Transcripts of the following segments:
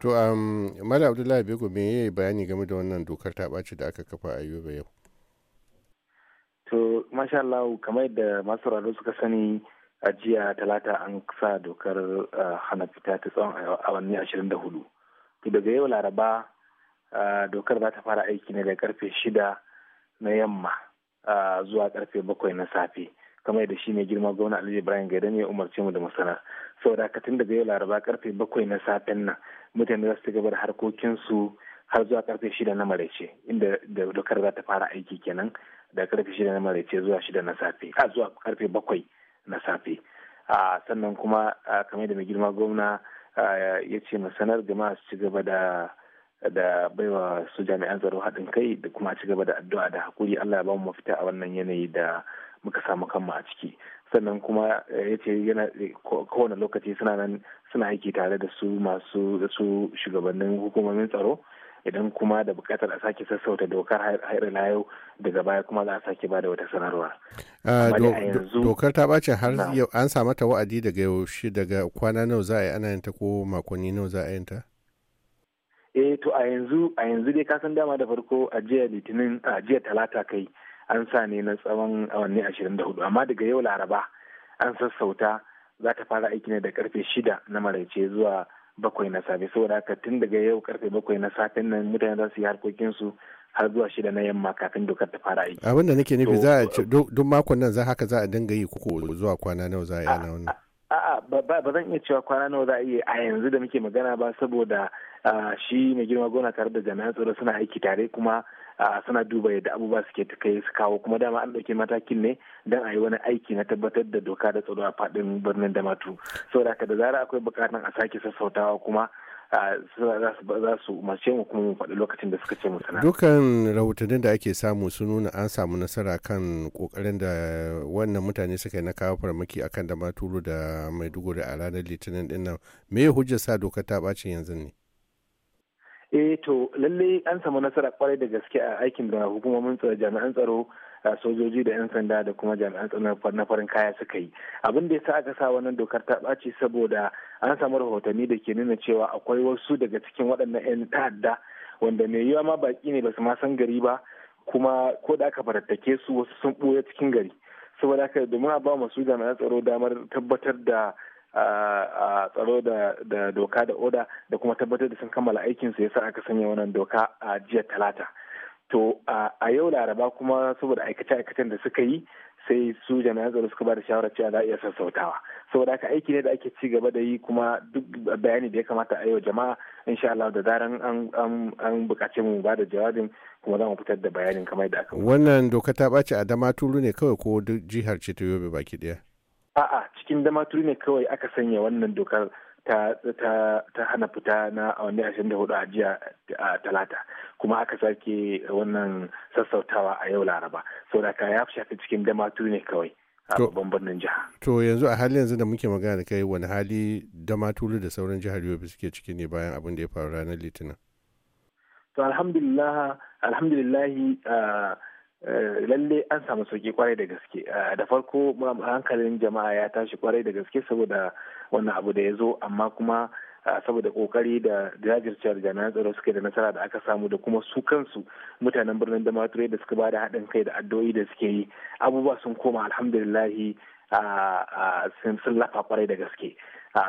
to um, mala abdullahi bego me ya yi bayani game da wannan dokar ta ɓaci da aka kafa a yobe yau to masha Allah kamar da masu rado suka sani a jiya talata an sa dokar uh, hana fita ta tsawon awanni ashirin da hudu to daga yau laraba uh, dokar za ta fara aiki ne da karfe shida na yamma uh, zuwa karfe bakwai na safe kamar da shi mai girma gwamna alhaji ibrahim gaidan ya umarce mu da masana. sanar saboda haka tun daga yau laraba karfe bakwai na safen nan mutane za su gaba da harkokinsu har zuwa karfe shida na maraice inda da dokar za ta fara aiki kenan da karfe shida na maraice zuwa shida na safe a zuwa karfe bakwai na safe a sannan kuma kamar da mai girma gwamna ya ce mu sanar da su ci gaba da da baiwa su jami'an tsaro haɗin kai da kuma ci gaba da addu'a da hakuri Allah ya ba mu mafita a wannan yanayi da muka samu kanmu a ciki sannan kuma eh, ya ce yana eh, kowane lokaci suna nan suna aiki tare da su masu da su shugabannin hukumomin tsaro idan kuma da bukatar a sake sassauta dokar haɗa na yau daga baya kuma za a sake ba da wata sanarwa. Ah, dokar ta ɓace har yau an samu ta wa'adi daga yaushe daga kwana nawa za a yi ana yanta ko makonni nawa za a yanta? eh to a yanzu a yanzu dai kasan dama da farko a jiya litinin a jiya talata kai an sa ne na tsawon awanni ashirin da hudu amma daga yau laraba an sassauta za ta fara aiki ne da karfe shida na maraice zuwa bakwai na safe saboda haka tun daga yau karfe bakwai na safe nan mutane za su yi harkokinsu har zuwa shida na yamma kafin dokar ta fara aiki. abin nake nufi za a uh, ce duk makon nan za haka za a dinga yi ko zuwa kwana nawa za a yi ana wannan. a'a ba zan iya cewa kwana nawa za a yi a yanzu da muke magana ba saboda uh, shi mai girma gona tare da jami'an tsaro suna aiki tare kuma suna duba yadda abubuwa suke kai su kawo kuma dama an ɗauki matakin ne don a yi wani aiki na tabbatar da doka da tsaro a faɗin birnin damatu saboda haka da zara akwai buƙatar a sake sassautawa kuma za su umarce mu kuma mu faɗi lokacin da suka ce mu sana. Dukan rahotannin da ake samu sun nuna an samu nasara kan kokarin da wannan mutane suka yi na kawo farmaki akan da maturu da maiduguri a ranar litinin dinnan nan me hujjar sa doka ta ɓace yanzu ne. eh to lalle an samu nasara kwarai da gaske a aikin da hukumomin tsaro jami'an tsaro sojoji da 'yan sanda da kuma jami'an tsaro na farin kaya suka yi abin da sa aka sa wannan dokar ta ɓaci saboda an samu rahotanni da ke nuna cewa akwai wasu daga cikin waɗannan 'yan ta'adda wanda mai yiwa ma baki ne ba su ma san gari ba kuma ko da aka farattake su wasu sun ɓoye cikin gari saboda haka domin a ba masu jami'an tsaro damar tabbatar da a tsaro da doka da oda da kuma tabbatar da sun kammala aikinsu yasa aka sanya wannan doka a jiya talata to a yau laraba kuma saboda aikace-aikacen da suka yi sai su jami'an tsaro suka ba da shawarar cewa za a iya sassautawa saboda haka aiki ne da ake ci gaba da yi kuma duk bayani da ya kamata a yau jama'a insha Allah da zaran an bukace mu ba da jawabin kuma za mu fitar da bayanin kamar da aka wannan doka ta ɓaci a dama tulu ne kawai ko duk jihar ce ta yobe baki ɗaya a'a cikin damaturi ne kawai aka sanya wannan dokar ta hana fita na awanni ashirin da hudu a jiya a talata kuma aka sake wannan sassautawa a yau laraba saboda kaya ya shafi cikin damaturi ne kawai a babban birnin jiha to yanzu a hali yanzu da muke magana da kai wani hali damaturu da sauran jihar yobe suke ciki ne bayan abin da ya faru ranar litinin to alhamdulillah alhamdulillahi ah, Eh, lalle an samu sauki kwarai da gaske eh, da farko hankalin jama'a ya tashi kwarai da gaske saboda wannan abu da ya zo amma kuma eh, saboda kokari da da jami'an tsaro suke da nasara da aka samu da kuma su kansu mutanen birnin damature da suka ba da haɗin kai da addu'o'i da suke yi abubuwa sun koma alhamdulillahi sun lafa kwarai da gaske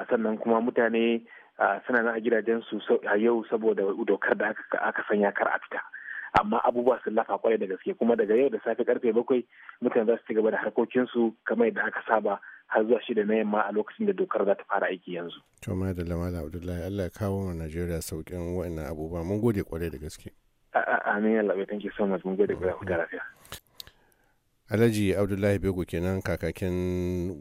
sannan kuma mutane suna nan a gidajensu a yau saboda dokar da aka sanya kar a fita. amma abubuwa sun lafa kwarai da gaske kuma daga yau da safe karfe bakwai mutane za su ci gaba da harkokinsu kamar yadda aka saba har zuwa shida na yamma a lokacin da dokar za ta fara aiki yanzu. to ma da malam abdullahi allah ya kawo wa najeriya sauƙin wa'annan abubuwa mun gode kwarai da gaske. amin allah bai thank you so much mun gode kwarai da lafiya. alhaji abdullahi bego kenan kakakin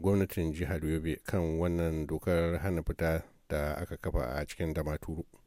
gwamnatin jihar yobe kan wannan dokar hana fita da aka kafa a cikin damaturu.